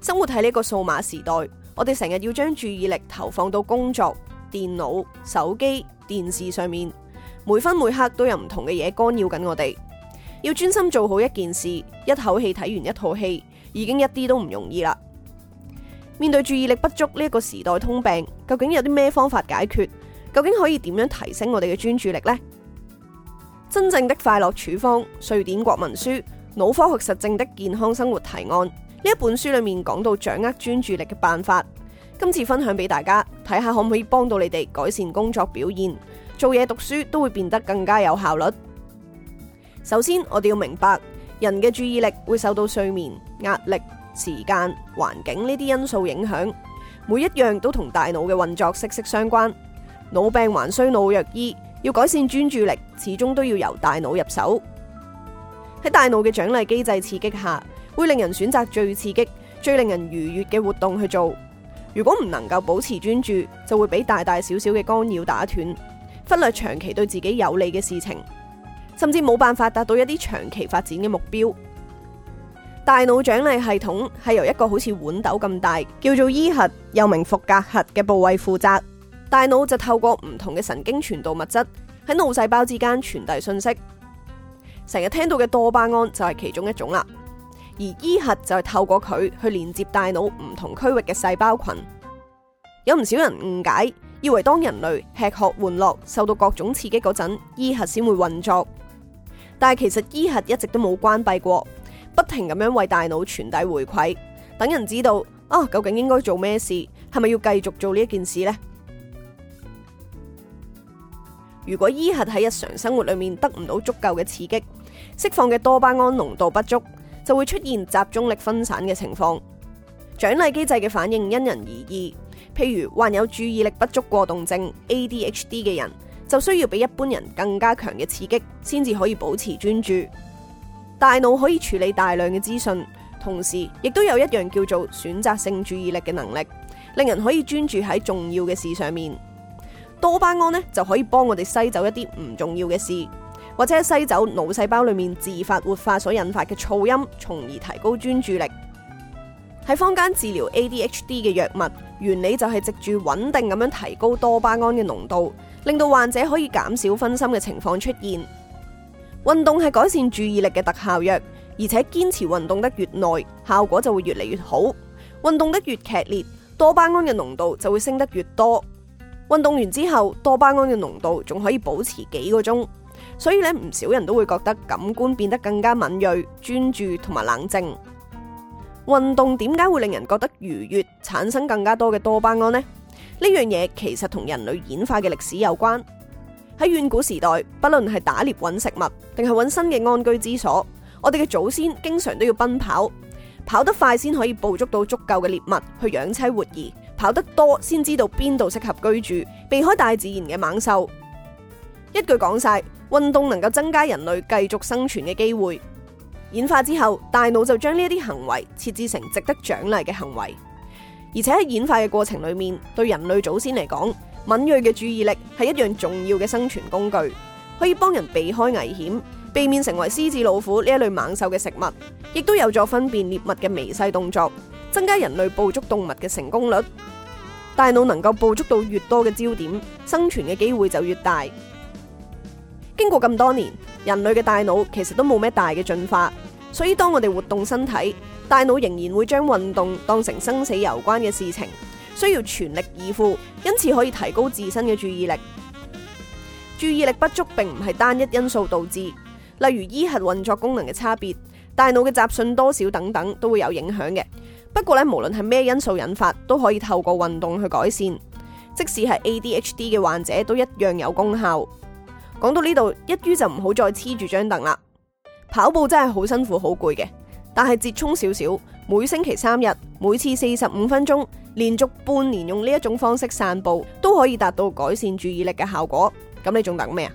生活喺呢個數碼時代，我哋成日要將注意力投放到工作、電腦、手機、電視上面，每分每刻都有唔同嘅嘢干擾緊我哋。要專心做好一件事，一口氣睇完一套戲，已經一啲都唔容易啦。面對注意力不足呢一個時代通病，究竟有啲咩方法解決？究竟可以點樣提升我哋嘅專注力呢？真正的快樂處方，瑞典國民書，腦科學實證的健康生活提案。呢一本書裏面講到掌握專注力嘅辦法，今次分享俾大家，睇下可唔可以幫到你哋改善工作表現，做嘢讀書都會變得更加有效率。首先，我哋要明白人嘅注意力會受到睡眠、壓力、時間、環境呢啲因素影響，每一樣都同大腦嘅運作息息相關。腦病還需腦藥醫，要改善專注力，始終都要由大腦入手。喺大腦嘅獎勵機制刺激下，會令人選擇最刺激、最令人愉悅嘅活動去做。如果唔能夠保持專注，就會俾大大小小嘅干擾打斷，忽略長期對自己有利嘅事情，甚至冇辦法達到一啲長期發展嘅目標。大腦獎勵系統係由一個好似豌豆咁大，叫做依核又名伏隔核嘅部位負責。大腦就透過唔同嘅神經傳導物質喺腦細胞之間傳遞信息。成日聽到嘅多巴胺就係其中一種啦。而依核就係透過佢去連接大腦唔同區域嘅細胞群，有唔少人誤解，以為當人類吃喝玩樂受到各種刺激嗰陣，依核先會運作。但係其實依核一直都冇關閉過，不停咁樣為大腦傳遞回饋，等人知道啊、哦，究竟應該做咩事，係咪要繼續做呢一件事呢？如果依核喺日常生活裏面得唔到足夠嘅刺激，釋放嘅多巴胺濃度不足，就會出現集中力分散嘅情況。獎勵機制嘅反應因人而異，譬如患有注意力不足過動症 （ADHD） 嘅人，就需要比一般人更加強嘅刺激，先至可以保持專注。大腦可以處理大量嘅資訊，同時亦都有一樣叫做選擇性注意力嘅能力，令人可以專注喺重要嘅事上面。多巴胺呢，就可以幫我哋篩走一啲唔重要嘅事。或者西走腦細胞裏面自發活化所引發嘅噪音，從而提高專注力。喺坊間治療 ADHD 嘅藥物，原理就係藉住穩定咁樣提高多巴胺嘅濃度，令到患者可以減少分心嘅情況出現。運動係改善注意力嘅特效藥，而且堅持運動得越耐，效果就會越嚟越好。運動得越劇烈，多巴胺嘅濃度就會升得越多。運動完之後，多巴胺嘅濃度仲可以保持幾個鐘。所以咧，唔少人都會覺得感官變得更加敏銳、專注同埋冷靜。運動點解會令人覺得愉悅，產生更加多嘅多巴胺呢？呢樣嘢其實同人類演化嘅歷史有關。喺遠古時代，不論係打獵揾食物，定係揾新嘅安居之所，我哋嘅祖先經常都要奔跑，跑得快先可以捕捉到足夠嘅獵物去養妻活兒，跑得多先知道邊度適合居住，避開大自然嘅猛獸。一句講晒，運動能夠增加人類繼續生存嘅機會。演化之後，大腦就將呢一啲行為設置成值得獎勵嘅行為。而且喺演化嘅過程裏面，對人類祖先嚟講，敏銳嘅注意力係一樣重要嘅生存工具，可以幫人避開危險，避免成為獅子、老虎呢一類猛獸嘅食物，亦都有助分辨獵物嘅微細動作，增加人類捕捉動物嘅成功率。大腦能夠捕捉到越多嘅焦點，生存嘅機會就越大。經過咁多年，人類嘅大腦其實都冇咩大嘅進化，所以當我哋活動身體，大腦仍然會將運動當成生死攸關嘅事情，需要全力以赴，因此可以提高自身嘅注意力。注意力不足並唔係單一因素導致，例如依核運作功能嘅差別、大腦嘅雜訊多少等等都會有影響嘅。不過咧，無論係咩因素引發，都可以透過運動去改善，即使係 A D H D 嘅患者都一樣有功效。講到呢度，一於就唔好再黐住張凳啦。跑步真係好辛苦、好攰嘅，但係折衷少少，每星期三日，每次四十五分鐘，連續半年用呢一種方式散步，都可以達到改善注意力嘅效果。咁你仲等咩啊？